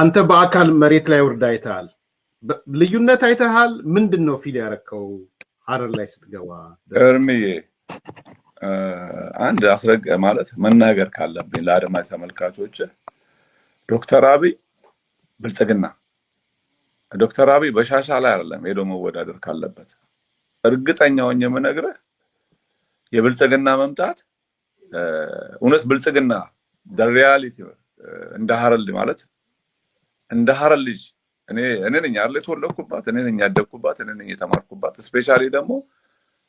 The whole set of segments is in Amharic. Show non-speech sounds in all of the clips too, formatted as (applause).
አንተ በአካል መሬት ላይ ውርድ አይተሃል። ልዩነት አይተሃል። ምንድን ነው ፊል ያረከው ሀረር ላይ ስትገባ? እርምዬ አንድ አስረገ ማለት መናገር ካለብኝ ለአድማጭ ተመልካቾች ዶክተር አብይ ብልጽግና ዶክተር አብይ በሻሻ ላይ አይደለም ሄዶ መወዳደር ካለበት እርግጠኛውን የምነግርህ የብልጽግና መምጣት እውነት ብልጽግና ሪያሊቲ እንደ ሀረል ማለት እንደ ሀረር ልጅ እኔ ነኝ አለ የተወለድኩባት፣ እኔ ነኝ ያደግኩባት፣ እኔ ነኝ የተማርኩባት። ስፔሻሊ ደግሞ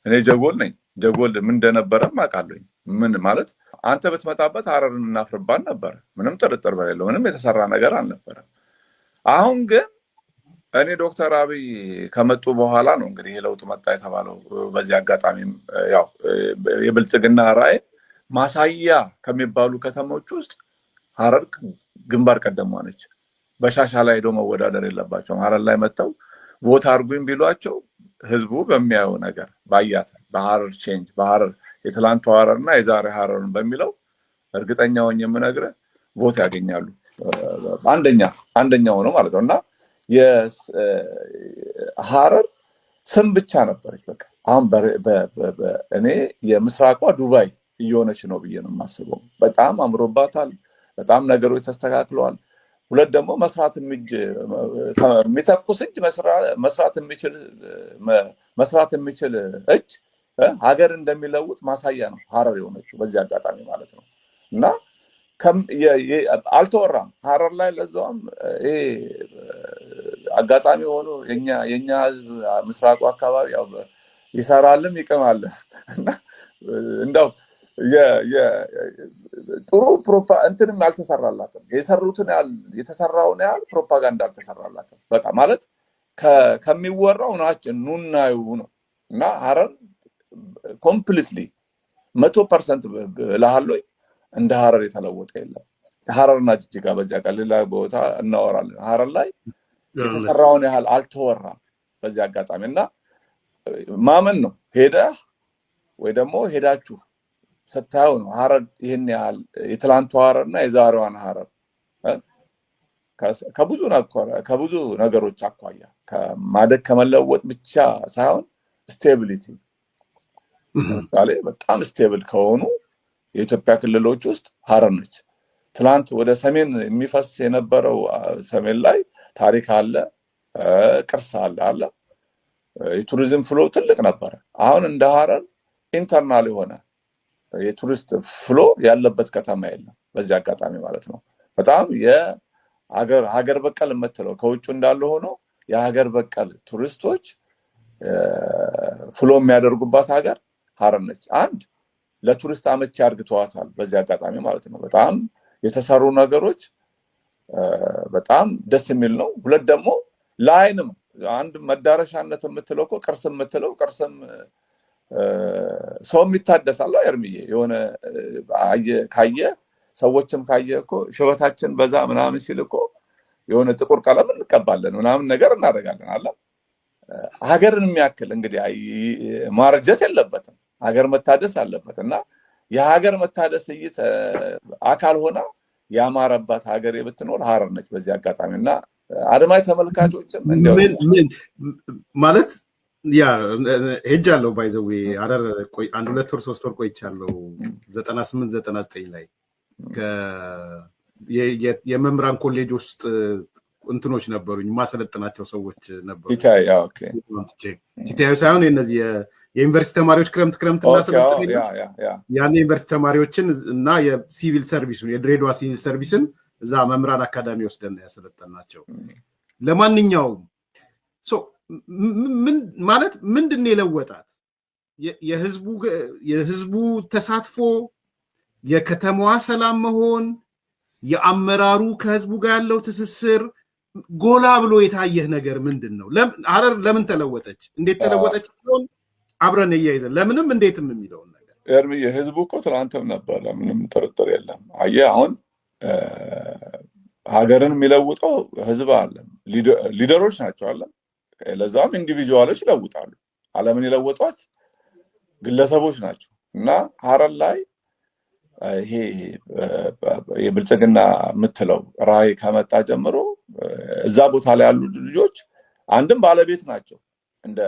እኔ ጀጎል ነኝ። ጀጎል ምን እንደነበረም አውቃለሁኝ። ምን ማለት አንተ ብትመጣበት ሀረርን እናፍርባን ነበረ። ምንም ጥርጥር በሌለው ምንም የተሰራ ነገር አልነበረም። አሁን ግን እኔ ዶክተር አብይ ከመጡ በኋላ ነው እንግዲህ ይሄ ለውጥ መጣ የተባለው። በዚህ አጋጣሚ ያው የብልጽግና ራዕይ ማሳያ ከሚባሉ ከተሞች ውስጥ ሀረር ግንባር ቀደሟ በሻሻ ላይ ሄዶ መወዳደር የለባቸውም። ሀረር ላይ መጥተው ቮት አርጉኝ ቢሏቸው ህዝቡ በሚያየው ነገር ባያት በሀረር ቼንጅ በሀረር የትላንቱ ሀረር እና የዛሬ ሀረርን በሚለው እርግጠኛ ሆኜ የምነግረ ቮት ያገኛሉ። አንደኛ አንደኛ ሆነው ማለት ነው እና ሀረር ስም ብቻ ነበረች። በቃ አሁን እኔ የምስራቋ ዱባይ እየሆነች ነው ብዬ ነው የማስበው። በጣም አምሮባታል። በጣም ነገሮች ተስተካክለዋል። ሁለት ደግሞ መስራት የሚተኩስ እጅ መስራት የሚችል መስራት የሚችል እጅ ሀገር እንደሚለውጥ ማሳያ ነው ሀረር የሆነችው በዚህ አጋጣሚ ማለት ነው እና አልተወራም ሀረር ላይ ለዛውም ይሄ አጋጣሚ ሆኖ የኛ ህዝብ ምስራቁ አካባቢ ይሰራልም ይቅማልም እንደው ጥሩ እንትንም አልተሰራላትም። የሰሩትን ያህል የተሰራውን ያህል ፕሮፓጋንዳ አልተሰራላትም። በቃ ማለት ከሚወራው ናችን ኑናዩ ነው እና ሀረር ኮምፕሊትሊ መቶ ፐርሰንት እልሃለሁ እንደ ሀረር የተለወጠ የለም። ሀረርና ጅጅጋ በዚያ ቀን ሌላ ቦታ እናወራለን። ሀረር ላይ የተሰራውን ያህል አልተወራም። በዚህ አጋጣሚ እና ማመን ነው ሄደ ወይ ደግሞ ሄዳችሁ ስታየው ነው ሀረር ይህን ያህል የትላንቱ ሀረር እና የዛሬዋን ሀረር ከብዙ ከብዙ ነገሮች አኳያ ከማደግ ከመለወጥ ብቻ ሳይሆን ስቴቢሊቲ ለምሳሌ በጣም ስቴብል ከሆኑ የኢትዮጵያ ክልሎች ውስጥ ሀረር ነች። ትላንት ወደ ሰሜን የሚፈስ የነበረው ሰሜን ላይ ታሪክ አለ፣ ቅርስ አለ አለ የቱሪዝም ፍሎ ትልቅ ነበረ። አሁን እንደ ሀረር ኢንተርናል የሆነ የቱሪስት ፍሎ ያለበት ከተማ የለም። በዚህ አጋጣሚ ማለት ነው በጣም የሀገር ሀገር በቀል የምትለው ከውጭ እንዳለ ሆኖ የሀገር በቀል ቱሪስቶች ፍሎ የሚያደርጉባት ሀገር ሀረር ነች። አንድ ለቱሪስት አመቺ አድርግተዋታል። በዚህ አጋጣሚ ማለት ነው በጣም የተሰሩ ነገሮች በጣም ደስ የሚል ነው። ሁለት ደግሞ ለአይንም አንድ መዳረሻነት የምትለው እኮ ቅርስ የምትለው ቅርስም ሰውም ይታደሳል። ኤርሚዬ የሆነ ካየ ሰዎችም ካየ እኮ ሽበታችን በዛ ምናምን ሲል እኮ የሆነ ጥቁር ቀለም እንቀባለን ምናምን ነገር እናደርጋለን አለ። ሀገርን የሚያክል እንግዲህ ማርጀት የለበትም ሀገር መታደስ አለበት እና የሀገር መታደስ እይት አካል ሆና ያማረባት ሀገር ብትኖር ሀረር ነች። በዚህ አጋጣሚ እና አድማጭ ተመልካቾችም ማለት ያ ሄጃለሁ። ባይዘዌ አረር አንድ ሁለት ወር ሶስት ወር ቆይቻለሁ። ዘጠና ስምንት ዘጠና ዘጠኝ ላይ የመምህራን ኮሌጅ ውስጥ እንትኖች ነበሩኝ የማሰለጥናቸው ሰዎች ነበሩ። ሳይሆን እነዚህ የዩኒቨርሲቲ ተማሪዎች ክረምት ክረምት እናሰለጥን ያን የዩኒቨርሲቲ ተማሪዎችን እና የሲቪል ሰርቪሱን የድሬዳዋ ሲቪል ሰርቪስን እዛ መምህራን አካዳሚ ወስደን ያሰለጠን ናቸው። ለማንኛውም ማለት ምንድን የለወጣት? የህዝቡ ተሳትፎ፣ የከተማዋ ሰላም መሆን፣ የአመራሩ ከህዝቡ ጋር ያለው ትስስር ጎላ ብሎ የታየህ ነገር ምንድን ነው? ሀረር ለምን ተለወጠች? እንዴት ተለወጠች? ሆን አብረን እያይዘን ለምንም እንዴትም የሚለውን ነገር እርምዬ የህዝቡ እኮ ትናንትም ነበረ። ምንም ጥርጥር የለም። አየህ አሁን ሀገርን የሚለውጠው ህዝብ አለም ሊደሮች ናቸው አለም ለዛም ኢንዲቪጁዋሎች ይለውጣሉ። ዓለምን የለወጧት ግለሰቦች ናቸው እና ሀረር ላይ ይሄ የብልጽግና የምትለው ራዕይ ከመጣ ጀምሮ እዛ ቦታ ላይ ያሉ ልጆች አንድም ባለቤት ናቸው እንደ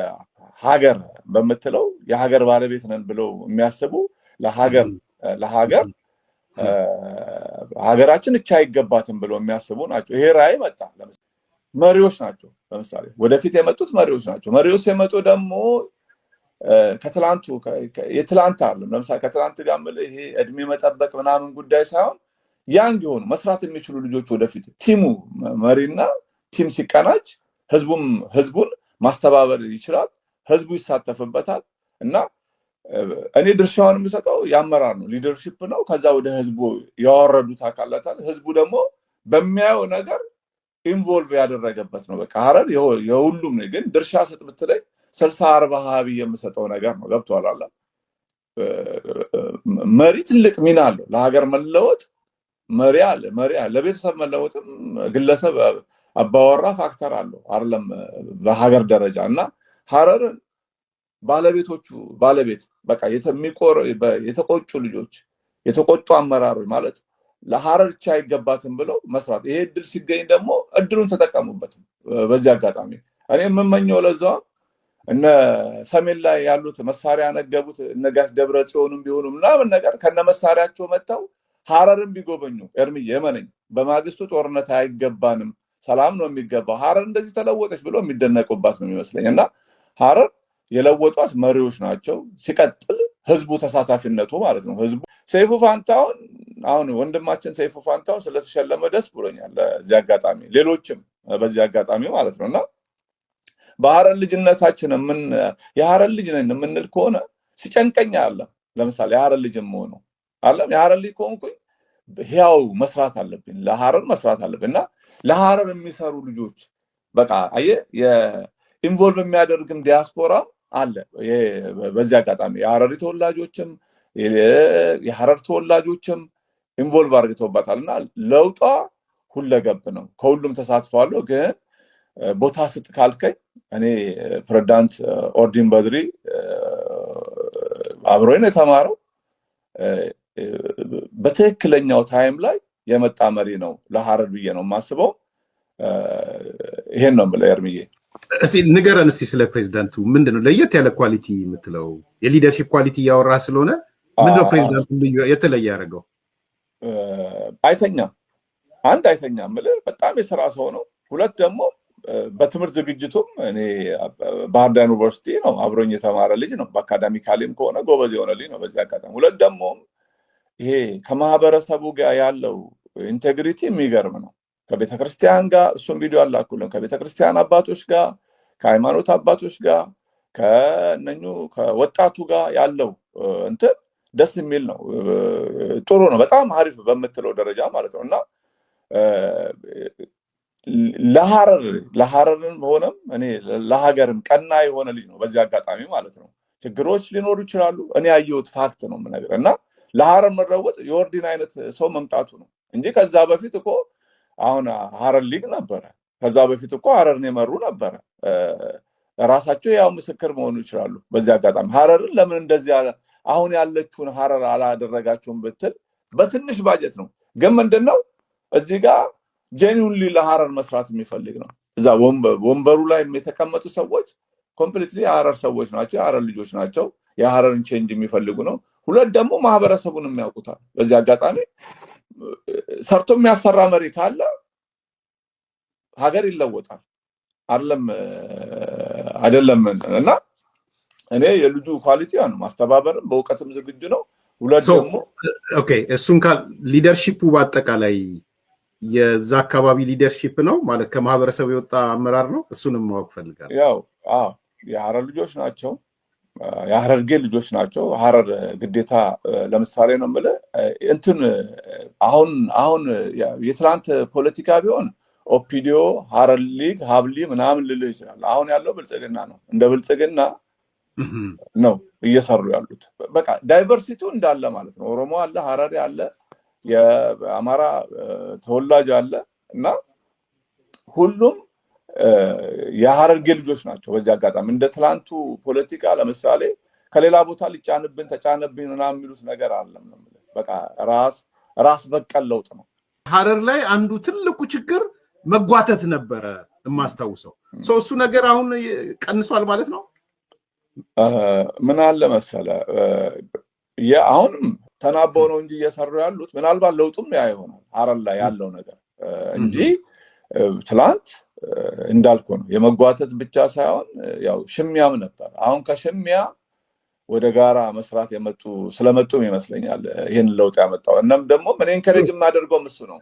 ሀገር በምትለው የሀገር ባለቤት ነን ብለው የሚያስቡ ለሀገር ለሀገር ሀገራችን እቻ አይገባትም ብለው የሚያስቡ ናቸው። ይሄ ራዕይ መጣ። መሪዎች ናቸው። ለምሳሌ ወደፊት የመጡት መሪዎች ናቸው። መሪዎች የመጡ ደግሞ ከትላንቱ የትላንት አለም ለምሳሌ ከትላንት ጋር ይሄ እድሜ መጠበቅ ምናምን ጉዳይ ሳይሆን ያንግ የሆኑ መስራት የሚችሉ ልጆች ወደፊት ቲሙ መሪና ቲም ሲቀናጅ ህዝቡም ህዝቡን ማስተባበር ይችላል። ህዝቡ ይሳተፍበታል እና እኔ ድርሻውን የምሰጠው ያመራር ነው፣ ሊደርሽፕ ነው። ከዛ ወደ ህዝቡ ያወረዱት አካላታል። ህዝቡ ደግሞ በሚያየው ነገር ኢንቮልቭ ያደረገበት ነው። በቃ ሀረር የሁሉም ነው። ግን ድርሻ ስጥ ብትለኝ ስልሳ አርባ ሀቢ የምሰጠው ነገር ነው። ገብቶሃል አለ መሪ ትልቅ ሚና አለው ለሀገር መለወጥ መሪ አለ መሪ አለ ለቤተሰብ መለወጥም ግለሰብ አባወራ ፋክተር አለው አይደለም በሀገር ደረጃ እና ሀረርን ባለቤቶቹ ባለቤት በቃ የተቆጩ ልጆች የተቆጡ አመራሮች ማለት ለሀረር ብቻ አይገባትም ብለው መስራት። ይሄ እድል ሲገኝ ደግሞ እድሉን ተጠቀሙበት። በዚህ አጋጣሚ እኔ የምመኘው ለዛ እነ ሰሜን ላይ ያሉት መሳሪያ ነገቡት እነጋሽ ደብረ ጽዮንም ቢሆኑ ምናምን ነገር ከነ መሳሪያቸው መጥተው ሀረርን ቢጎበኙ ኤርምዬ የመነኝ በማግስቱ ጦርነት አይገባንም፣ ሰላም ነው የሚገባው፣ ሀረር እንደዚህ ተለወጠች ብሎ የሚደነቁባት ነው የሚመስለኝ እና ሀረር የለወጧት መሪዎች ናቸው። ሲቀጥል ህዝቡ ተሳታፊነቱ ማለት ነው። ህዝቡ ሰይፉ ፋንታውን አሁን ወንድማችን ሰይፉ ፋንታውን ስለተሸለመ ደስ ብሎኛል። በዚህ አጋጣሚ ሌሎችም በዚህ አጋጣሚ ማለት ነው እና በሀረር ልጅነታችን የሀረር ልጅ ነን የምንል ከሆነ ሲጨንቀኛ አለም ለምሳሌ የሀረር ልጅ የምሆኑ አለም የሀረር ልጅ ከሆንኩኝ ህያው መስራት አለብኝ፣ ለሀረር መስራት አለብኝ እና ለሀረር የሚሰሩ ልጆች በቃ አየ የኢንቮልቭ የሚያደርግም ዲያስፖራ አለ። በዚህ አጋጣሚ የሀረሪ ተወላጆችም የሀረር ተወላጆችም ኢንቮልቭ አርግቶበታል እና ለውጧ ሁለገብ ነው። ከሁሉም ተሳትፏለሁ። ግን ቦታ ስጥ ካልከኝ እኔ ፕሬዚዳንት ኦርዲን በድሪ አብሮኝ ነው የተማረው። በትክክለኛው ታይም ላይ የመጣ መሪ ነው ለሀረር ብዬ ነው የማስበው። ይሄን ነው ምለ ኤርሚዬ እስቲ ንገረን እስቲ ስለ ፕሬዚዳንቱ ምንድነው ለየት ያለ ኳሊቲ የምትለው? የሊደርሽፕ ኳሊቲ እያወራ ስለሆነ ምንድነው ፕሬዚዳንቱ የተለየ ያደርገው አይተኛም። አንድ አይተኛም ምል በጣም የስራ ሰው ነው። ሁለት ደግሞ በትምህርት ዝግጅቱም እኔ ባህር ዳር ዩኒቨርሲቲ ነው አብሮኝ የተማረ ልጅ ነው። በአካዳሚካሊም ከሆነ ጎበዝ የሆነ ልጅ ነው። በዚህ አጋጣሚ ሁለት ደግሞ ይሄ ከማህበረሰቡ ጋር ያለው ኢንቴግሪቲ የሚገርም ነው። ከቤተክርስቲያን ጋር እሱም ቪዲዮ አላኩልን። ከቤተክርስቲያን አባቶች ጋር፣ ከሃይማኖት አባቶች ጋር፣ ከእነኙ ከወጣቱ ጋር ያለው እንትን ደስ የሚል ነው። ጥሩ ነው። በጣም አሪፍ በምትለው ደረጃ ማለት ነው እና ለሀረር ለሀረርም ሆነም እኔ ለሀገርም ቀና የሆነ ልጅ ነው። በዚህ አጋጣሚ ማለት ነው ችግሮች ሊኖሩ ይችላሉ። እኔ ያየሁት ፋክት ነው የምነግርህ እና ለሀረር መረወጥ የወርዲን አይነት ሰው መምጣቱ ነው እንጂ ከዛ በፊት እኮ አሁን ሀረር ሊግ ነበረ። ከዛ በፊት እኮ ሀረርን የመሩ ነበረ። ራሳቸው ያው ምስክር መሆኑ ይችላሉ። በዚህ አጋጣሚ ሀረርን ለምን እንደዚህ አሁን ያለችውን ሀረር አላደረጋችሁም ብትል በትንሽ ባጀት ነው። ግን ምንድን ነው እዚህ ጋር ጄኒውንሊ ለሀረር መስራት የሚፈልግ ነው። እዛ ወንበሩ ላይ የተቀመጡ ሰዎች ኮምፕሊትሊ የሀረር ሰዎች ናቸው፣ የሀረር ልጆች ናቸው። የሀረርን ቼንጅ የሚፈልጉ ነው። ሁለት ደግሞ ማህበረሰቡን የሚያውቁታል። በዚህ አጋጣሚ ሰርቶ የሚያሰራ መሪ ካለ ሀገር ይለወጣል። አይደለም አይደለም እና እኔ የልጁ ኳሊቲ ነው። ማስተባበርም በእውቀትም ዝግጁ ነው። ሁለት ደግሞ እሱን ካል ሊደርሺፑ በአጠቃላይ የዛ አካባቢ ሊደርሺፕ ነው ማለት ከማህበረሰብ የወጣ አመራር ነው። እሱንም ማወቅ ፈልጋል። ያው የሀረር ልጆች ናቸው፣ የሀረርጌ ልጆች ናቸው። ሀረር ግዴታ ለምሳሌ ነው የምልህ እንትን አሁን አሁን የትላንት ፖለቲካ ቢሆን ኦፒዲዮ ሀረር ሊግ ሀብሊ ምናምን ልልህ ይችላል። አሁን ያለው ብልጽግና ነው። እንደ ብልጽግና (laughs) ነው እየሰሩ ያሉት። በቃ ዳይቨርሲቲው እንዳለ ማለት ነው። ኦሮሞ አለ፣ ሀረሪ አለ፣ የአማራ ተወላጅ አለ እና ሁሉም የሀረርጌ ልጆች ናቸው። በዚህ አጋጣሚ እንደ ትላንቱ ፖለቲካ ለምሳሌ ከሌላ ቦታ ሊጫንብን ተጫነብን ና የሚሉት ነገር አለም። በቃ ራስ ራስ በቀል ለውጥ ነው። ሀረር ላይ አንዱ ትልቁ ችግር መጓተት ነበረ የማስታውሰው ሰው እሱ ነገር አሁን ቀንሷል ማለት ነው። ምን አለ መሰለ አሁንም ተናበው ነው እንጂ እየሰሩ ያሉት ምናልባት ለውጡም ያ ይሆናል ሀረር ላይ ያለው ነገር እንጂ ትላንት እንዳልኩ ነው የመጓተት ብቻ ሳይሆን ያው ሽሚያም ነበር። አሁን ከሽሚያ ወደ ጋራ መስራት የመጡ ስለመጡም ይመስለኛል ይህን ለውጥ ያመጣው። እናም ደግሞ እኔ ኢንከሬጅ የማደርገው እሱ ነው።